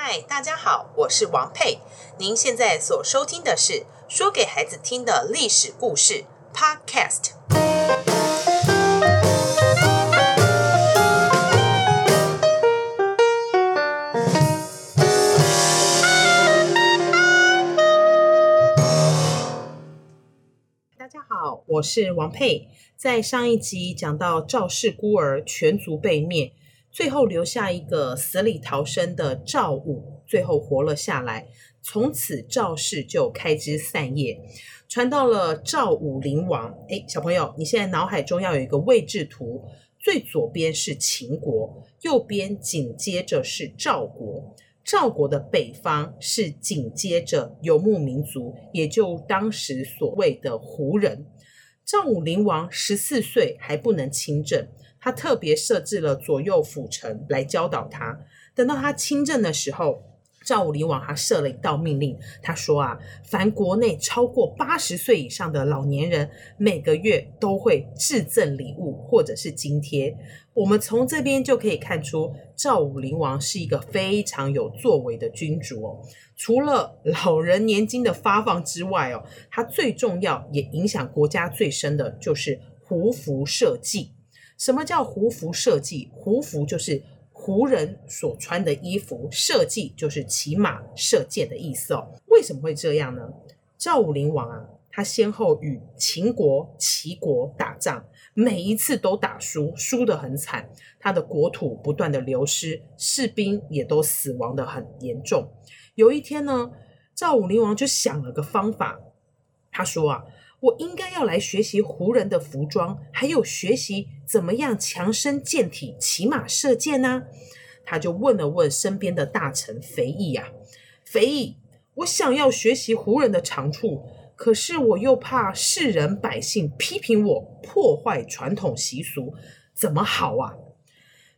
嗨，大家好，我是王佩。您現在所收聽的是《說給孩子聽的歷史故事》Podcast。大家好，我是王佩。在上一集講到趙氏孤兒全族被滅。最後留下一個死裡逃生的趙武，最後活了下來。從此趙氏就開枝散葉，傳到了趙武靈王。哎，小朋友，你現在腦海中要有一個位置圖，最左邊是秦國，右邊緊接着是趙國。趙國的北方是緊接着游牧民族，也就當時所謂的胡人。趙武靈王十四歲還不能親政。他特別設置了左右輔臣來教導他。等到他親政的時候，趙武靈王他設了一道命令，他說：“啊，凡國內超過八十歲以上的老年人，每個月都會致贈禮物或者是津貼。”我們從這邊就可以看出，趙武靈王是一個非常有作為的君主哦。除了老人年金的發放之外哦，他最重要也影響國家最深的就是胡服設計。什麼叫胡服騎射？胡服就是胡人所穿的衣服，騎射就是騎馬射箭的意思哦。為什麼會這樣呢？趙武靈王啊，他先後與秦國、齊國打仗，每一次都打輸，輸得很慘，他的國土不斷地流失，士兵也都死亡得很嚴重。有一天呢，趙武靈王就想了個方法，他說啊。我應該要來學習胡人的服裝，還有學習怎麼樣強身健體、騎馬射箭呢、啊？他就問了問身邊的大臣肥義啊：“肥義，我想要學習胡人的長處，可是我又怕世人百姓批評我破壞傳統習俗，怎麼好啊？”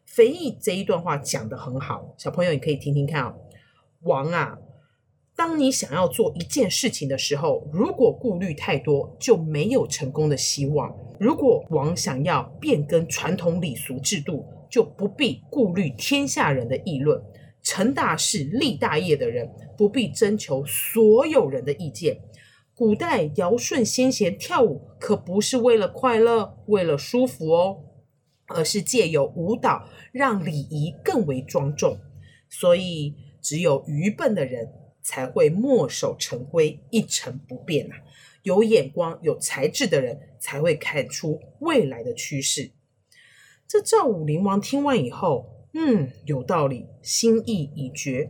肥義，這一段話講得很好，小朋友也可以聽聽看、哦。王啊！當你想要做一件事情的時候，如果顧慮太多，就沒有成功的希望。如果王想要變更傳統禮俗制度，就不必顧慮天下人的議論。成大事立大業的人，不必徵求所有人的意見。古代堯舜先賢跳舞，可不是為了快樂、為了舒服哦，而是借由舞蹈讓禮儀更為莊重。所以，只有愚笨的人。才會墨守成規、一成不變吶、啊。有眼光、有才智的人才會看出未來的趨勢。這趙武靈王聽完以後，嗯，有道理，心意已決。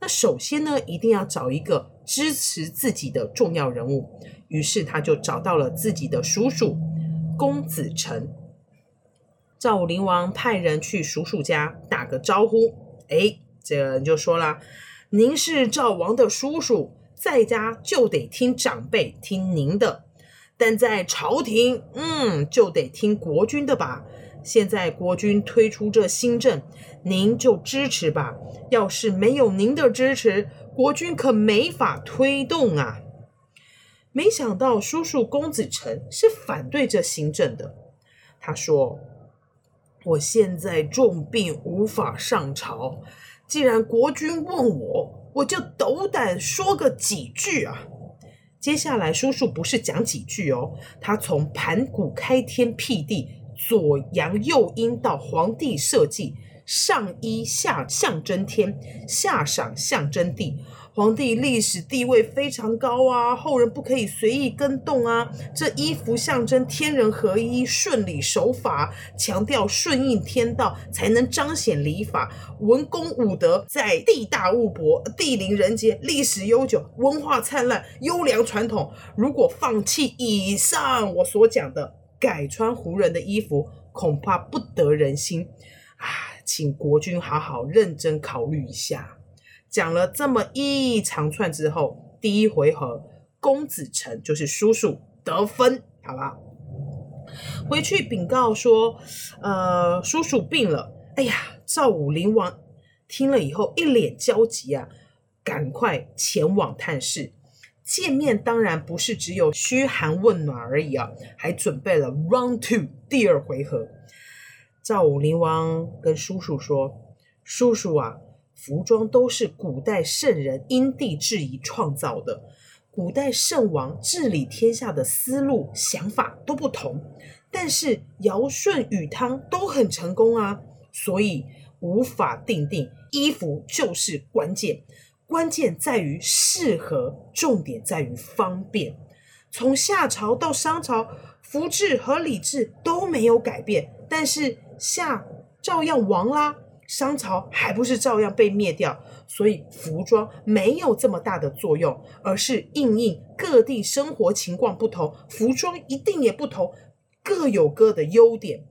那首先呢，一定要找一個支持自己的重要人物。於是他就找到了自己的叔叔公子成。趙武靈王派人去叔叔家打個招呼，哎，這個人就說啦。您是趙王的叔叔，在家就得聽長輩，聽您的；但在朝廷，嗯，就得聽國君的吧。現在國君推出這新政，您就支持吧。要是沒有您的支持，國君可沒法推動啊。沒想到叔叔公子成是反對這新政的。他說：“我現在重病，無法上朝。”既然國君問我，我就斗膽說個幾句啊。接下來，叔叔不是講幾句哦，他從盤古開天闢地、左陽右陰到黃帝社稷，上衣下象徵天，下裳象徵地。皇帝歷史地位非常高啊，後人不可以隨意更動啊。這衣服象徵天人合一、順理守法，強調順應天道，才能彰顯禮法。文公武德，在地大物博、地靈人傑、歷史悠久、文化燦爛、優良傳統。如果放棄以上我所講的，改穿胡人的衣服，恐怕不得人心啊！請國君好好認真考慮一下。講了這麼一長串之後，第一回合，公子成就是叔叔得分。好了，回去稟告說，呃，叔叔病了。哎呀，趙武靈王聽了以後一臉焦急啊，趕快前往探視。見面當然不是只有噓寒問暖而已啊，還準備了 round two 第二回合。趙武靈王跟叔叔說：“叔叔啊。”服裝都是古代聖人因地制宜創造的，古代聖王治理天下的思路想法都不同，但是堯舜禹湯都很成功啊，所以無法定定衣服就是關鍵，關鍵在於適合，重點在於方便。從夏朝到商朝，服制和禮制都沒有改變，但是夏照樣亡啦。商朝還不是照樣被滅掉，所以服裝沒有這麼大的作用，而是因應各地生活情況不同，服裝一定也不同，各有各的優點。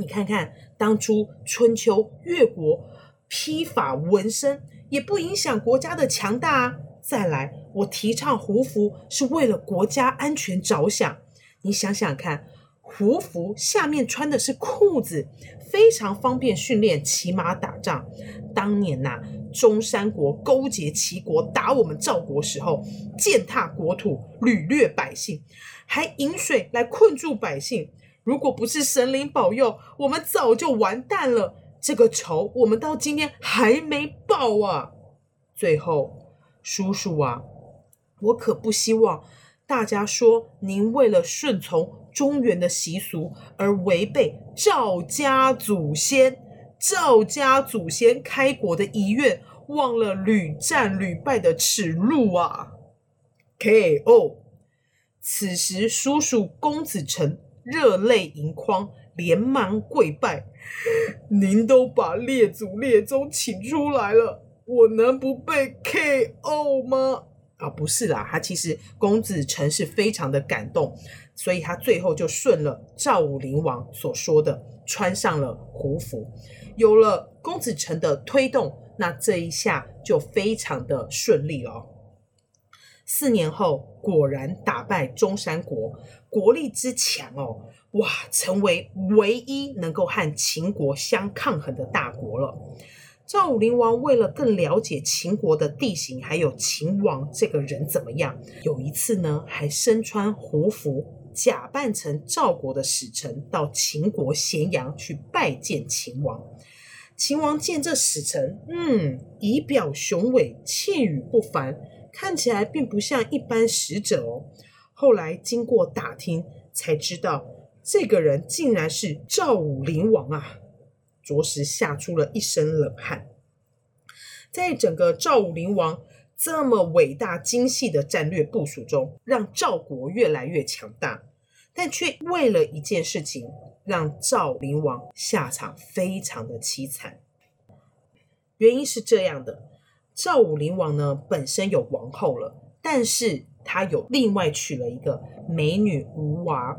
你看看當初春秋越國披髮紋身，也不影響國家的強大啊。再來，我提倡胡服是為了國家安全着想，你想想看。胡服，服下面穿的是褲子，非常方便訓練騎馬打仗。當年吶、啊，中山國勾結齊國打我們趙國時候，踐踏國土，擄掠百姓，還引水來困住百姓。如果不是神靈保佑，我們早就完蛋了。這個仇我們到今天還沒報啊！最後，叔叔啊，我可不希望大家說您為了順從。中原的習俗而違背趙家祖先、趙家祖先開國的遺願，忘了屢戰屢敗的恥辱啊！KO，此時叔叔公子成熱淚盈眶，連忙跪拜：“您都把列祖列宗請出來了，我能不被 KO 嗎？”啊、哦，不是啦，他其實公子成是非常的感動，所以他最後就順了趙武靈王所說的，穿上了胡服。有了公子成的推動，那這一下就非常的順利了，哦。四年後果然打敗中山國，國力之強哦，哇，成為唯一能夠和秦國相抗衡的大國了。趙武靈王為了更了解秦國的地形，還有秦王這個人怎麼樣，有一次呢，還身穿胡服，假扮成趙國的使臣，到秦國咸陽去拜見秦王。秦王見這使臣，嗯，儀表雄偉，器宇不凡，看起來並不像一般使者哦。後來經過打聽，才知道這個人竟然是趙武靈王啊。着實嚇出了一身冷汗。在整個趙武靈王這麼偉大精細的戰略部署中，讓趙國越來越強大，但卻為了一件事情，讓趙靈王下場非常的悽慘。原因是這樣的：趙武靈王呢，本身有王后了，但是他又另外娶了一個美女吳娃。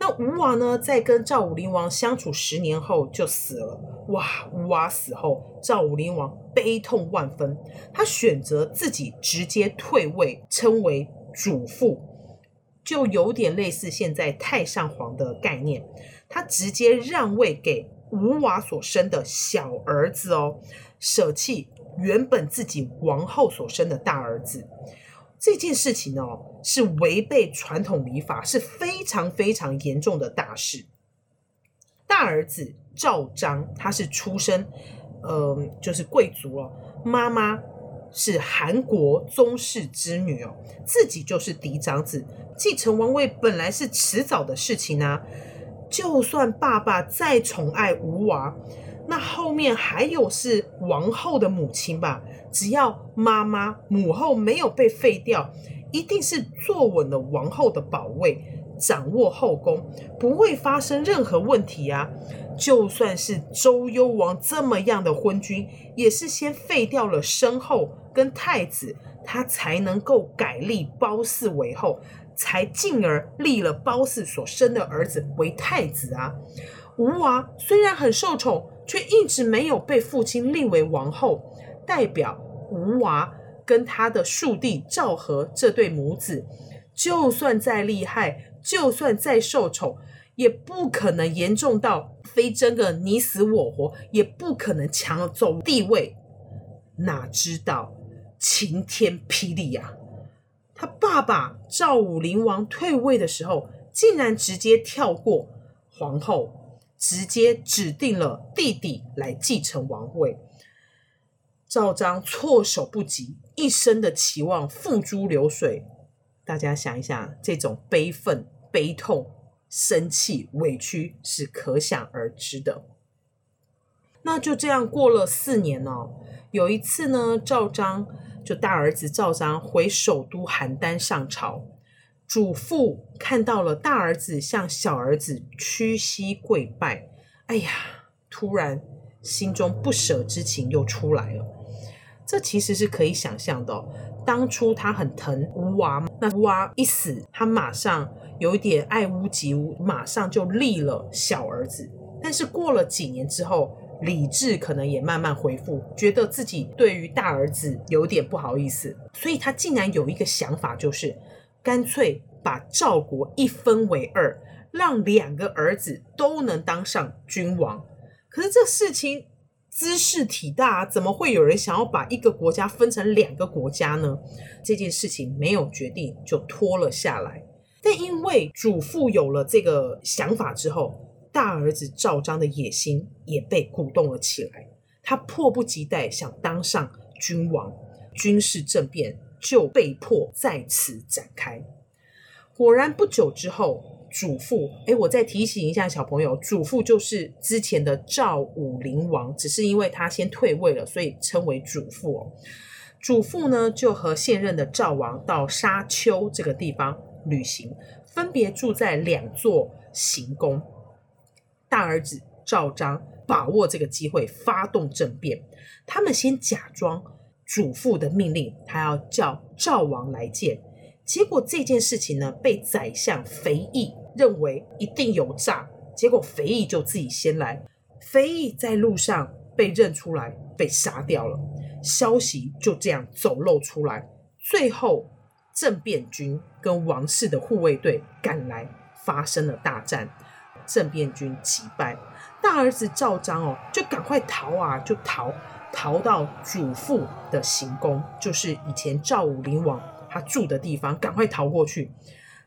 那吳娃呢，在跟趙武靈王相處十年後就死了。哇，吳娃死後，趙武靈王悲痛萬分，他選擇自己直接退位，稱為主父，就有點類似現在太上皇的概念。他直接讓位給吳娃所生的小兒子哦，捨棄原本自己王后所生的大兒子。這件事情呢、哦，是違背傳統禮法，是非常非常嚴重的大事。大兒子趙章，他是出身，嗯、呃，就是貴族了、哦。媽媽是韓國宗室之女哦，自己就是嫡長子，繼承王位本來是遲早的事情呢、啊，就算爸爸再寵愛吳娃。那後面還有是王後的母親吧？只要媽媽母後沒有被廢掉，一定是坐穩了王後的寶位，掌握後宮，不會發生任何問題啊！就算是周幽王這麼樣的昏君，也是先廢掉了申後跟太子，他才能夠改立褒姒為後，才進而立了褒姒所生的兒子為太子啊！吳娃、啊、雖然很受寵，卻一直沒有被父親立為王後，代表吳娃跟他的庶弟趙何這對母子，就算再厲害，就算再受寵，也不可能嚴重到非爭個你死我活，也不可能搶走地位。哪知道晴天霹靂啊！他爸爸趙武靈王退位的時候，竟然直接跳過皇後。直接指定了弟弟來繼承王位。趙章措手不及，一生的期望付諸流水。大家想一想，這種悲憤、悲痛、生氣、委屈是可想而知的。那就這樣過了四年哦，有一次呢，趙章就大兒子趙章回首都邯鄲上朝。主父看到了大兒子向小兒子屈膝跪拜，哎呀，突然心中不捨之情又出來了。這其實是可以想象的哦。當初他很疼吳娃，那吳娃一死，他馬上有點愛屋及烏，馬上就立了小兒子。但是過了幾年之後，理智可能也慢慢恢復，覺得自己對於大兒子有點不好意思，所以他竟然有一個想法，就是。乾脆把趙國一分為二，讓兩個兒子都能當上君王。可是這事情茲事體大啊，怎麼會有人想要把一個國家分成兩個國家呢？這件事情沒有決定就拖了下來。但因為主父有了這個想法之後，大兒子趙章的野心也被鼓動了起來，他迫不及待想當上君王，軍事政變。就被迫再次展開。果然不久之後，祖父哎，我再提醒一下小朋友，祖父就是之前的趙武靈王，只是因為他先退位了，所以稱為祖父哦。祖父呢，就和現任的趙王到沙丘這個地方旅行，分別住在兩座行宮。大兒子趙章把握這個機會發動政變，他們先假裝。主父的命令，他要叫趙王來見。結果這件事情呢，被宰相肥義認為一定有詐。結果肥義就自己先來，肥義在路上被認出來，被殺掉了。消息就這樣走漏出來，最後政變軍跟王室的護衛隊趕來，發生了大戰。政變軍擊敗大兒子趙章哦，就趕快逃啊，就逃。逃到主父的行宮，就是以前趙武靈王他住的地方，趕快逃過去。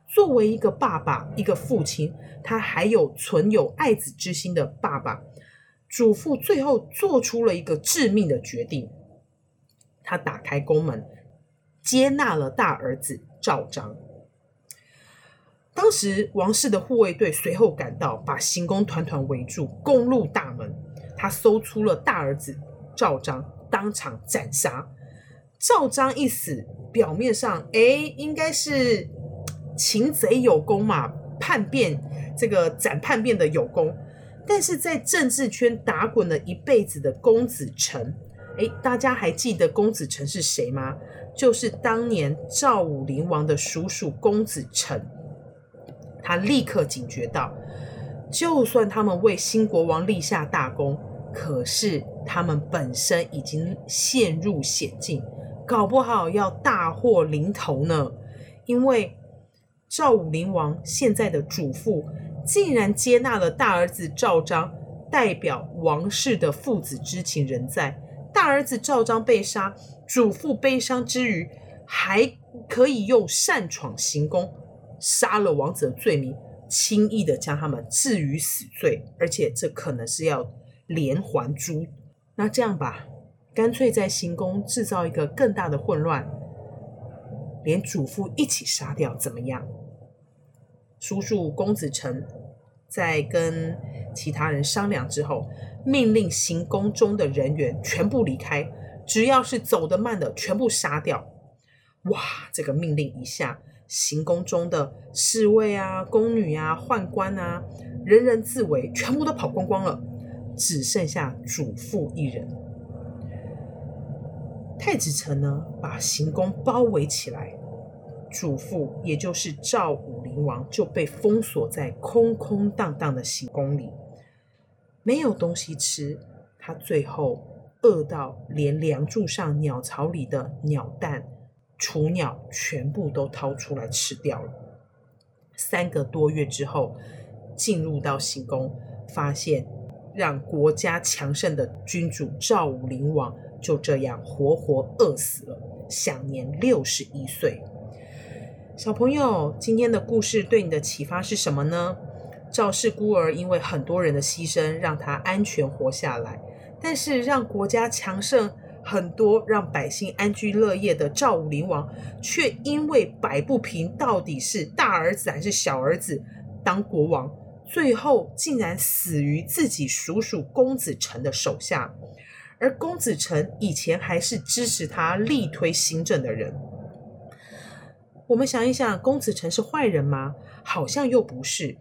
作為一個爸爸，一個父親，他還有存有愛子之心的爸爸，主父最後做出了一個致命的決定，他打開宮門，接納了大兒子趙章。當時王室的護衛隊隨後趕到，把行宮團團圍住，攻入大門，他搜出了大兒子。趙章當場斬殺，趙章一死，表面上，誒，應該是擒賊有功嘛，叛變，這個斬叛變的有功，但是在政治圈打滾了一輩子的公子成，誒，大家還記得公子成是誰嗎？就是當年趙武靈王的叔叔公子成，他立刻警覺到，就算他們為新國王立下大功。可是他們本身已經陷入險境，搞不好要大禍臨頭呢。因為趙武靈王現在的主父竟然接納了大兒子趙章，代表王室的父子之情仍在。大兒子趙章被殺，主父悲傷之餘，還可以用擅闖行宮、殺了王子的罪名，輕易的將他們置於死罪。而且這可能是要。連環誅，那這樣吧，乾脆在行宮製造一個更大的混亂，連主父一起殺掉，怎麼樣？叔叔公子成在跟其他人商量之後，命令行宮中的人員全部離開，只要是走得慢的，全部殺掉。哇，這個命令一下，行宮中的侍衛啊、宮女啊、宦官啊，人人自危，全部都跑光光了。只剩下主父一人。太子成呢，把行宮包圍起來，主父也就是趙武靈王就被封鎖在空空蕩蕩的行宮裡，沒有東西吃，他最後餓到連梁柱上鳥巢裡的鳥蛋、雛鳥全部都掏出來吃掉了。三個多月之後，進入到行宮，發現。讓國家強盛的君主趙武靈王就這樣活活餓死了，享年六十一歲。小朋友，今天的故事對你的啟發是什麼呢？趙氏孤兒因為很多人的犧牲，讓他安全活下來，但是讓國家強盛很多，讓百姓安居樂業的趙武靈王，卻因為擺不平到底是大兒子還是小兒子當國王。最後竟然死於自己叔叔公子成的手下，而公子成以前還是支持他力推新政的人。我們想一想，公子成是壞人嗎？好像又不是，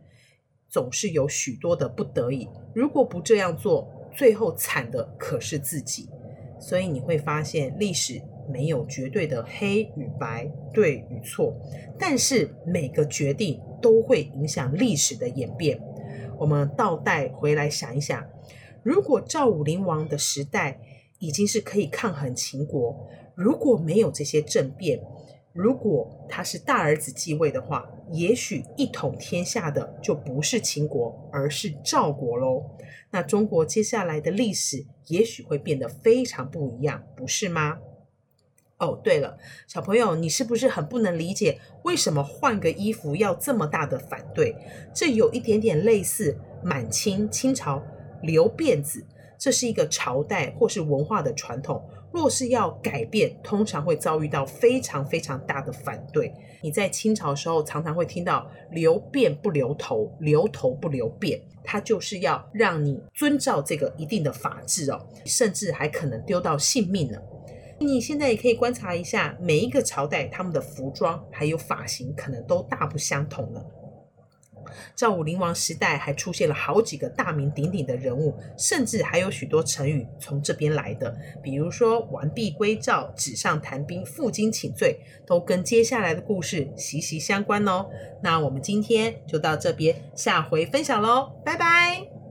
總是有許多的不得已。如果不這樣做，最後慘的可是自己。所以你會發現，歷史沒有絕對的黑與白，對與錯，但是每個決定。都會影響歷史的演變。我們倒帶回來想一想，如果趙武靈王的時代已經是可以抗衡秦國，如果沒有這些政變，如果他是大兒子繼位的話，也許一統天下的就不是秦國，而是趙國嘍。那中國接下來的歷史也許會變得非常不一樣，不是嗎？哦，對了，小朋友，你是不是很不能理解為什麼換個衣服要這麼大的反對？這有一點點類似滿清清朝留辮子，這是一個朝代或是文化的傳統。若是要改變，通常會遭遇到非常非常大的反對。你在清朝時候，常常會聽到留辮不留頭，留頭不留辮，它就是要讓你遵照這個一定的法制哦，甚至還可能丟到性命呢。你現在也可以觀察一下，每一個朝代他們的服裝還有髮型可能都大不相同了。趙武靈王時代還出現了好幾個大名鼎鼎的人物，甚至還有許多成語從這邊來的，比如說完照“完璧歸趙”“紙上談兵”“負荊請罪”，都跟接下來的故事息息相關哦。那我們今天就到這邊，下回分享嘍，拜拜。